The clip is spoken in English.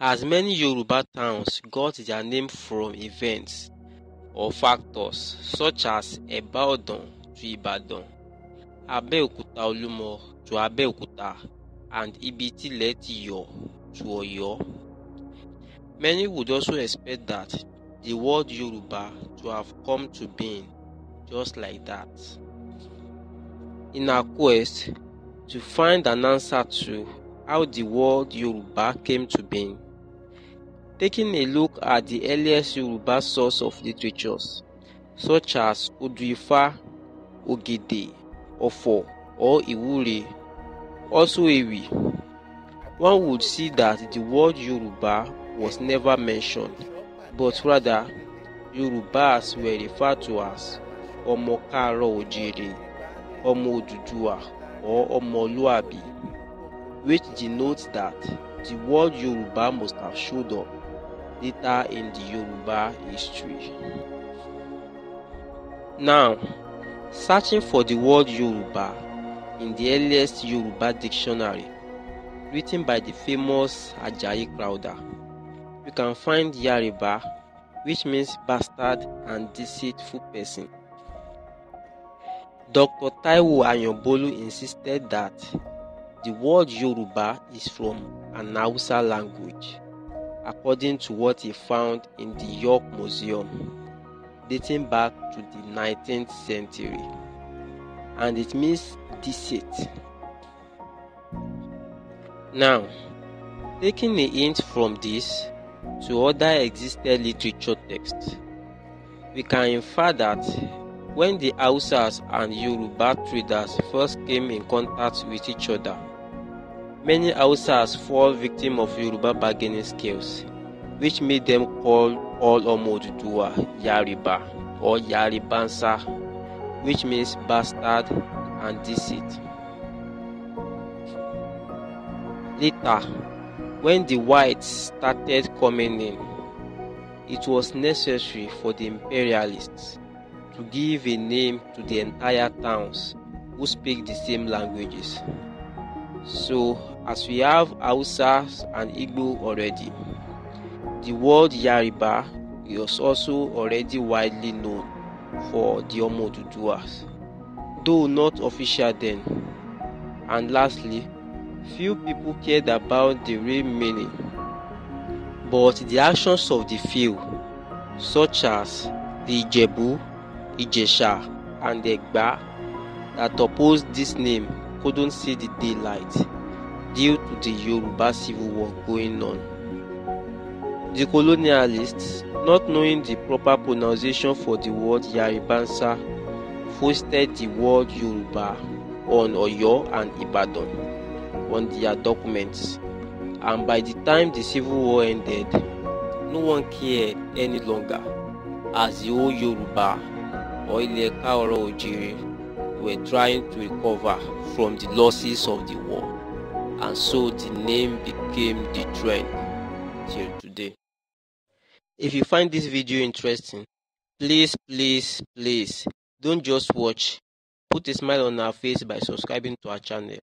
As many Yoruba towns got their name from events or factors such as Eba-Odan to Ibadan, Abeokuta-Olúmọ to Abeokuta, and ibi to Oyo, Many would also expect that the word Yoruba to have come to being just like that. In our quest to find an answer to how the word Yoruba came to being. Taking a look at the earliest Yoruba source of literatures, such as Oduifa, Ogede, Ofo, or Iwuri, also Ewi, one would see that the word Yoruba was never mentioned, but rather Yorubas were referred to as Ọmọ Káàárọ̀ Oòjíire, Ọmọ Odùduwà, or Ọmọlúàbí. which denotes that the word Yoruba must have showed up later in the Yoruba history. Now, searching for the word Yoruba in the earliest Yoruba dictionary written by the famous Ajayi Crowder, you can find Yariba, which means bastard and deceitful person. Dr. Taiwo Ayobolu insisted that the word Yoruba is from an Hausa language, according to what he found in the York Museum, dating back to the 19th century, and it means deceit. Now, taking a hint from this to other existing literature texts, we can infer that when the Hausas and Yoruba traders first came in contact with each other, Many Hausas fall victim of Yoruba bargaining skills, which made them call all Omodudua Yariba or Yaribansa, which means bastard and deceit. Later, when the whites started coming in, it was necessary for the imperialists to give a name to the entire towns who speak the same languages. So as we have Hausas and Igbo already. The word Yoruba is also already widely known for the Omo Duduas, though not official then. And lastly, few people cared about the real meaning, but the actions of the few, such as the Ijebu, Ijesha, and Egba, that opposed this name couldn't see the daylight due to the Yoruba civil war going on. The colonialists, not knowing the proper pronunciation for the word Yaribansa, foisted the word Yoruba on Oyo and Ibadan on their documents, and by the time the civil war ended, no one cared any longer as the old Yoruba or Ilẹ̀ Káàárọ̀ Ojiri were trying to recover from the losses of the war and so the name became the trend till today. If you find this video interesting, please, please, please don't just watch. Put a smile on our face by subscribing to our channel.